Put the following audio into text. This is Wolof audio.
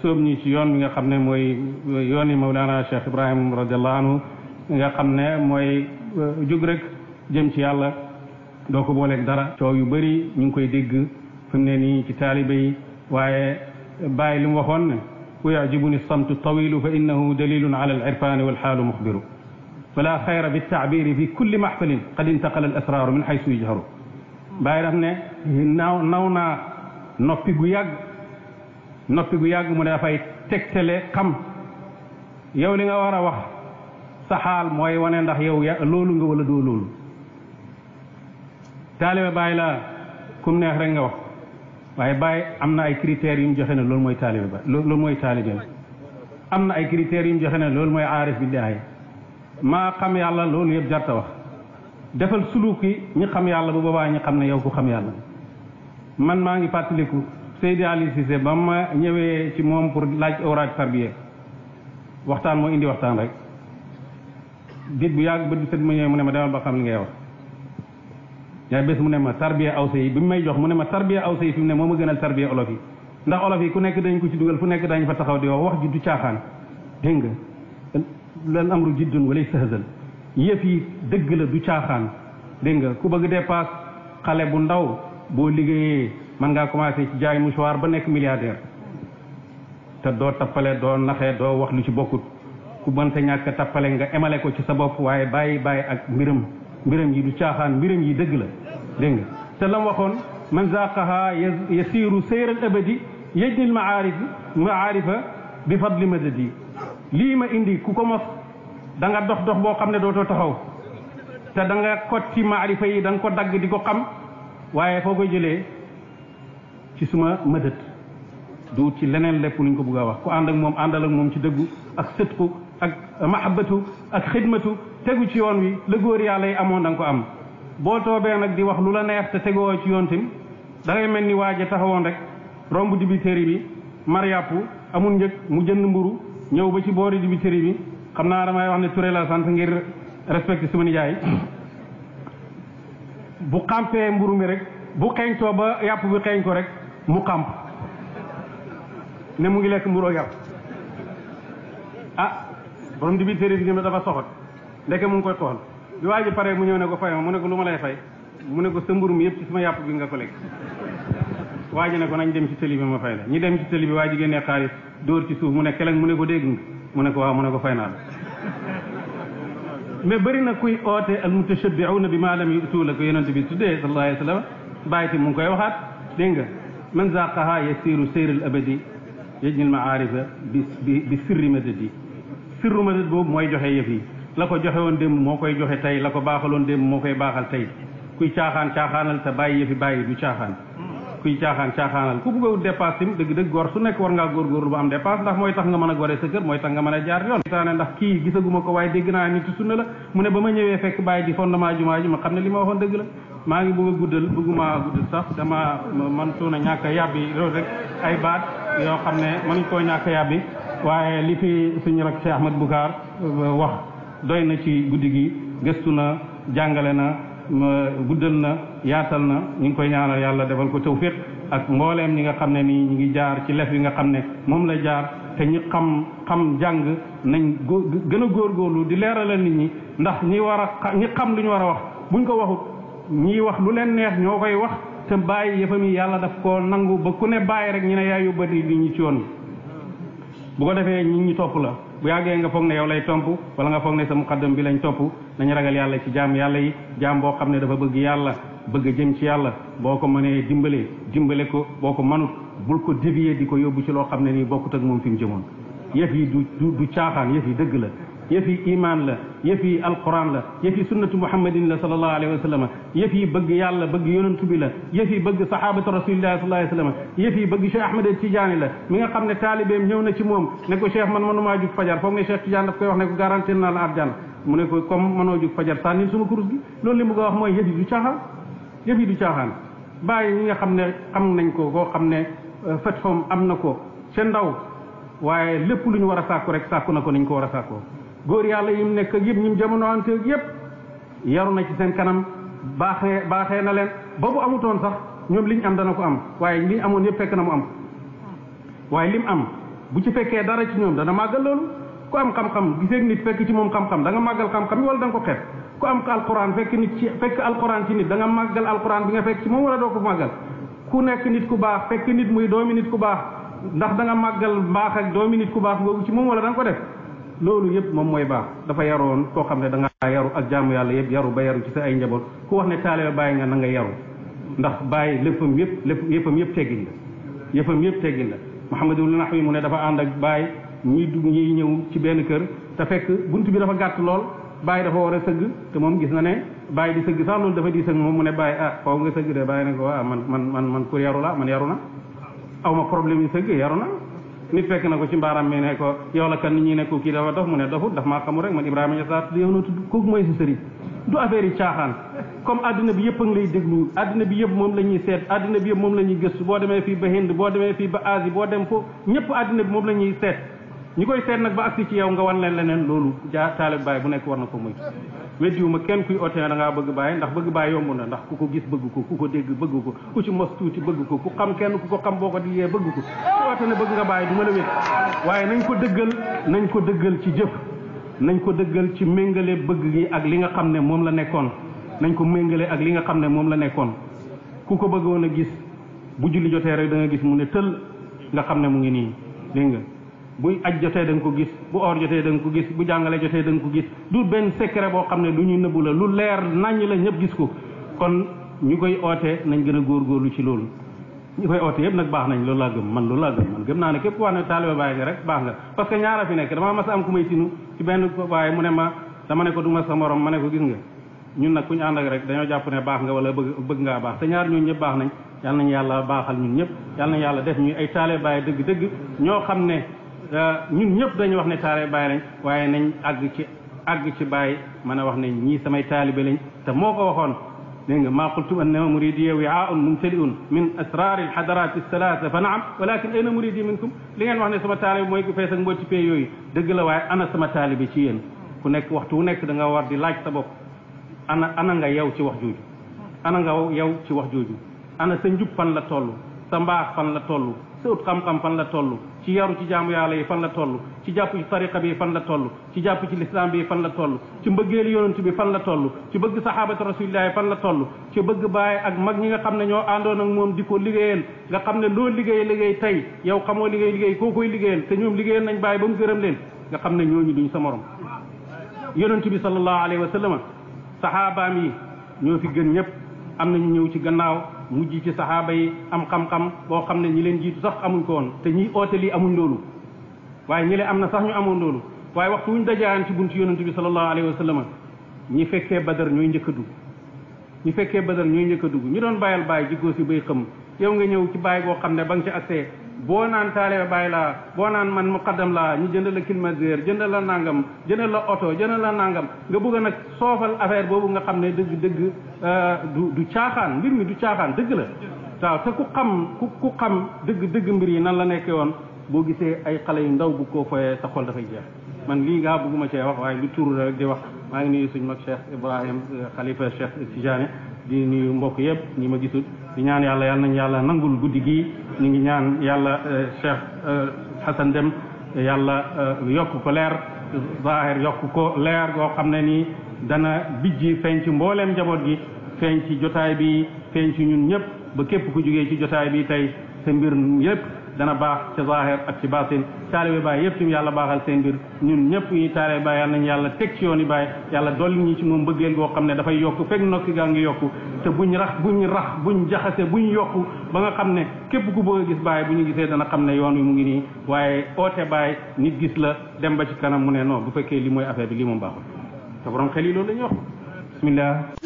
soob ñu ci yoon bi nga xam ne mooy yoon yi Mawlana Cheikh Ibrahim radiallahu anhu nga xam ne mooy jóg rek jëm ci yàlla doo ko booleeg dara coow yu bëri ñu ngi koy dégg fi mu ne nii ci taalibe yi waaye bàyyi li mu waxoon ne wa yajibuni samtu tawilu fa innahu dalilun ala al irfani wal xaalu muxbiru fala xayra bi taabiri fi kulli maxfalin qad intaqala al asraru min xaysu yujharu bàyyi daf ne naaw naw naa noppi gu yàgg noppi bu yàgg mu ne dafay tegtale xam yow li nga war a wax sa xaal mooy wane ndax yow loolu nga wala doo loolu taalibe bàyyi la kum neex rek nga wax waaye bàyyi am na ay critères yu joxe ne loolu mooy taalibe ba mooy taalibe am na ay critères yu mu joxe na loolu mooy aarif billaahi maa xam yàlla loolu yëpp jarta wax defal suluki ñi xam yàlla bu boobaa ñi xam ne yow ku xam yàlla man maa ngi fàttaliku Seydi Ali Cissé ba ma ñëwee ci moom pour laaj awraaj tarbiya waxtaan moo indi waxtaan rek dit bu yàgg ba sët ma ñëwee mu ne ma demal ba xam li ngay wax yaay bés mu ne ma tarbiya awsa yi bi mu may jox mu ne ma tarbiya awsa yi fi mu ne moo ma gënal tarbiya olof yi ndax olof yi ku nekk dañ ko ci dugal fu nekk dañ fa taxaw di wax wax ji du caaxaan dégg nga lan amru jiddun walay sahzal yëf yi dëgg la du caaxaan dégg nga ku bëgg dépasse xale bu ndaw man ngaa commencé ci jaay mouchoir ba nekk milliardaire te doo tappale doo naxee doo wax lu ci bokkut ku mënta ñàkk a tappale nga emale ko ci sa bopp waaye bàyyi bàyyi ak mbiram mbiram yi du caaxaan mbiram yi dëgg la dégg nga te lam waxoon man zaqaha yasiru sayral abadi yajnil maarif maarifa bi ma madadi lii ma indi ku ko mos da dox dox boo xam ne dootoo taxaw te da nga kot ci yi da ko dagg di ko xam waaye foo koy jëlee ci suma mëdët du ci leneen lépp luñ ko bëgg a wax ku ànd ak moom àndal ak moom ci dëggu ak sëtku ak mahabatu ak xidmatu tegu ci yoon wi la góor yàlla yi amoon da ko am boo toobee nag di wax lu la neex te tegoo ci yoon tamit dangay mel ni waaj a taxawoon rek romb dibiteri bi mar yàpp amul njëg mu jënd mburu ñëw ba ci boori dibiteri bi xam naa damay wax ne Touré la sant ngir respecté suma nijaay bu xampee mburu mi rek bu xeeñ too ba yàpp bi xeeñ ko rek mu xàmp ne mu ngi lekk mburu ak yàpp ah borom di bi téere bi ne dafa soxot ndeke mu ngi koy xool bi waa ji pare mu ñëw ne ko fay ma mu ne ko lu ma lay fay mu ne ko sa mburu mi yëpp ma yàpp bi nga ko lekk waa ji ne ko nañ dem ci tëli bi ma fay la ñi dem ci tëli bi waa ji génnee xaalis dóor ci suuf mu ne keleng mu ne ko dégg nga mu ne ko waaw mu ne ko fay naa la mais bëri na kuy oote al mutashabbi'una bi ma lam yu'tu la ko yonent bi tuddee sallallahu alayhi wa sallam mu ngi koy waxaat dégg nga man zaqaha yasiru seyr al abadi yajnil maarifa bi bi sirri madad yi sirru madad boobu mooy joxe yëf yi la ko joxe woon démb moo koy joxe tey la ko baaxaloon démb moo koy baaxal tey kuy caaxaan caaxaanal te bàyyi yëfi bàyyi du caaxaan kuy caaxaan caaxaanal ku bëgg a wut dépasse tim dëgg dëgg gor su nekk war ngaa góorgóorlu ba am dépasse ndax mooy tax nga mën a gore sa kër mooy tax nga mën a jaar yoon taane ndax kii gisaguma ko waaye dégg naa nit mu ne ba ma ñëwee fekk bàyyi di fondement jumaa ji ma xam li ma waxoon dëgg la maa ngi bëgg a guddal bëgguma guddal sax dama man suuna ñàkk a yàbbi rek ay baat yoo xam ne mënuñ koo ñàkk a yàbbi waaye li fi suñu rak Cheikh Ahmed Boucar euh, wax doy na ci guddi gi gëstu na jàngale na guddal na yaatal na ñu ngi koy ñaanal yàlla defal ko tawfiq ak mbooleem ñi nga xam ne nii ñu ngi jaar ci lef yi nga xam ne moom la jaar te ñu xam xam jàng nañ gën góor góorlu di leeralal nit ñi ndax ñi war a ñi xam lu ñu war a wax buñ ko waxut ñii wax lu leen neex ñoo koy wax te bàyyi yëfam yi yàlla daf koo nangu ba ku ne bàyyi rek ñu ne yaa yóbbati di ñu ci yoon bu ko defee ñi ñu topp la bu yàggee nga foog na yow lay tomp wala nga foog ne sa muqaddam bi lañ topp nañu ragal yàlla ci jaam yàlla yi jaam boo xam ne dafa bëgg yàlla bëgg jëm ci yàlla boo ko mënee dimbalee dimbale ko boo ko manut bul ko dévier di ko yóbbu ci loo xam ne nii bokkut ak moom fi mu jëmoon yëf yi du du caaxaan yëf yi dëgg la يفي إيمان لا يفي القرآن لا يفي سنة محمد صلى الله عليه وسلم يفي بق يالا بق يونس بلا يفي بق صحابة رسول الله صلى الله عليه وسلم يفي بق شيخ أحمد التجاني لا من قبل تالي بهم يونا تموم نكو شيخ من منو ما جوك فجر فهم شيخ تجاني فكي وحنا كو غارانتين على أرجان منو كو كم منو جوك فجر تاني سمو كروز دي لون لي مقاوم يفي دوشاها يفي دوشاها باي من قبل نه نكو قو قم نه أم نكو شنداو waaye lépp lu ñu war a sàkku rek góor yàlla yim mu nekk ak yëpp ñim jamono ante ak yëpp yaru na ci seen kanam baaxee baaxee na leen ba bu amutoon sax ñoom liñ am dana ko am waaye liñ amoon yëpp fekk na mu am waaye lim am bu ci fekkee dara ci ñoom dana màggal loolu ku am xam-xam gisee nit fekk ci moom xam-xam da nga màggal xam-xam wala da nga ko xeeb ku am alquran fekk nit ci fekk alquran ci nit da nga màggal alquran bi nga fekk ci moom wala doo ko màggal ku nekk nit ku baax fekk nit muy doomi nit ku baax ndax da nga màggal mbaax ak doomi nit ku baax googu ci moom wala da nga ko def loolu yëpp moom mooy baax dafa yaroon koo xam ne da nga yaru ak jaamu yàlla yëpp yaru ba yaru ci sa ay njaboot ku wax ne taalibe bàyyi nga na nga yaru ndax bàyyi léppam yëpp lépp yëppam yëpp teggin la yëppam yëpp teggin la Muhammadul Nahwi mu ne dafa ànd ak bàyyi ñuy du ñuy ñëw ci benn kër te fekk bunt bi dafa gàtt lool bàyyi dafa war a sëgg te moom gis na ne bàyyi di sëgg sax loolu dafa di sëgg moom mu ne bàyyi ah faw nga sëgg de bàyyi ne ko waaw ah, man man man man ku yaru la man yaru na aw ma problème yi sëgg yaru na nit fekk na ko ci mbaaram mi ne ko yow la kan nit ñi ne ko kii dafa dof mu ne dofut daf maa xamul rek man Ibrahima Niass yow noo tudd kooku mooy sa sëriñ du affaire caaxaan comme addina bi yëpp a ngi lay déglu addina bi yëpp moom la ñuy seet addina bi yëpp moom la ñuy gëstu boo demee fii ba Hind boo demee fii ba Asie boo dem foofu ñëpp addina bi moom la ñuy seet ñi koy seet nag ba agsi ci yow nga wan leen leneen loolu jaa taalib baay bu nekk war na ko moytu weddiwuma kenn kuy ootee da ngaa bëgg baay ndax bëgg baay yomb na ndax ku ko gis bëgg ko ku ko dégg bëgg ko ku ci mos tuuti bëgg ko ku xam kenn ku ko xam boo ko di yee bëgg ko ku oote ne bëgg nga baay du ma la wét waaye nañ ko dëggal nañ ko dëggal ci jëf nañ ko dëggal ci méngale bëgg gi ak li nga xam ne moom la nekkoon nañ ko méngale ak li nga xam ne moom la nekkoon ku ko bëggoon a gis bu julli jotee rek da nga gis mu ne tël nga xam ne mu ngi nii dégg nga bu aj jotee da nga ko gis bu or jotee da nga ko gis bu jàngalee jotee da nga ko gis du benn secret boo xam ne du ñuy nëbbu la lu leer naññ la ñëpp gis ko kon ñu koy ootee nañ gën a góorgóorlu ci loolu ñu koy oote yëpp nag baax nañ loolu laa gëm man loolu laa gëm man gëm naa ne képp ku wax ne taaliba Baay nga rek baax nga parce que ñaara fi nekk damaa ma ne ko du ma sa morom ma ne ko gis nga ñun nag ku ànd ak rek dañoo jàpp ne baax nga wala bëgg bëgg ngaa baax te ñaar ñooñu ñëpp baax nañ yàlla nañu yàlla baaxal ñun ñëpp yàlla nañu yàlla def ñu ay taaliba ñun ñëpp dañu wax ne taale bàyyi lañ waaye nañ àgg ci àgg ci bàyyi mën a wax ne ñii samay taalibe lañ te moo ko waxoon dégg nga maa qultum annama muridiya wiaaun mumtaliun min asrar alxadarat alsalasa fa naam walakin ayna muridi minkum li ngeen wax ne sama taalibe mooy ku fees ak ci pee yooyu dëgg la waaye ana sama taalibe ci yéen ku nekk waxtu wu nekk danga war di laaj sa bopp ana ana nga yow ci wax jooju ana nga yow ci wax jooju ana sa njub fan la toll sa mbaax fan la toll sa ut xam-xam fan la toll ci yaru ci jaamu yàlla yi fan la toll ci jàpp ci tariqa bi fan la toll ci jàpp ci lislaam bi fan la toll ci mbëggeelu yonent bi fan la toll ci bëgg saxaabatu rasulillahi fan la toll ci bëgg bàyyi ak mag ñi nga xam ne ñoo àndoon ak moom di ko liggéeyal nga xam ne loo liggéey liggéey tey yow xamoo liggéey liggéey koo koy liggéeyal te ñoom liggéeyal nañ bàyyi ba mu gërëm leen nga xam ne ñoo ñooñu duñ sa morom yonent bi sallallahu alayhi wa sallam saxaabaam yi ñoo fi gën ñëpp am nañu ñëw ci gannaaw mujj ci saxaaba yi am xam-xam boo xam ne ñi leen jiitu sax amuñ ko woon te ñiy oote lii amuñ loolu waaye ñi leen am na sax ñu amoon loolu waaye waxtu wuñ dajaan ci buntu yonent bi sallallahu alayhi wa sallam ñi fekkee badar ñooy njëkk dugg ñi fekkee badar ñooy njëkk dugg ñu doon bàyyal bàyyi góor si bay xam yow nga ñëw ci bàyyi boo xam ne ba nga ci accès boo naan taalibe bàyyi laa boo naan man muqaddam laa ñu jënd la climatiseur jënd la nangam jënd la oto jënd la nangam nga bëgg nag soofal affaire boobu nga xam ne dëgg dëgg euh, du du caaxaan mbir mi du caaxaan dëgg la waaw te ku xam ku xam dëgg dëgg mbir yi nan la nekkee woon boo gisee ay xale yu ndaw bu koo foyee sa xol dafay jeex man lii ngaa bëgguma cee wax waaye lu tuuru rek di wax maa ngi nuyu suñ mag Cheikh Ibrahim xalifa euh, Cheikh Tidiane di nuyu mbokk yëpp ñi ma gisul di ñaan yàlla yàlla nañ yàlla nangul guddi gi ñu ngi ñaan yàlla eh, Cheikh eh, Hassan Deme yàlla eh, yokk ko leer zahir yokk ko leer goo xam ne nii dana bijji feeñ ci mbooleem njaboot gi feeñ ci jotaay bi feeñ ci ñun ñëpp ba képp ku jóge ci jotaay bi tey sa mbir yëpp dana baax ci zahir ak ci batin taalibe Baay yëpp tim yàlla baaxal seen mbir ñun ñëpp yi taalibe Baay yàlla nañu teg ci yoon yi Baay yàlla dolli ñi ci moom bëggeel goo xam ne dafay yokk fekk nokki gaa ngi yokk te buñ rax buñ rax buñ jaxase buñ yokk ba nga xam ne képp ku bëgg a gis Baay bu ñu gisee dana xam ne yoon wi mu ngi nii waaye oote Baay nit gis la dem ba ci kanam mu ne non bu fekkee li mooy affaire bi li moom baaxul te borom xel yi loolu la ñuy wax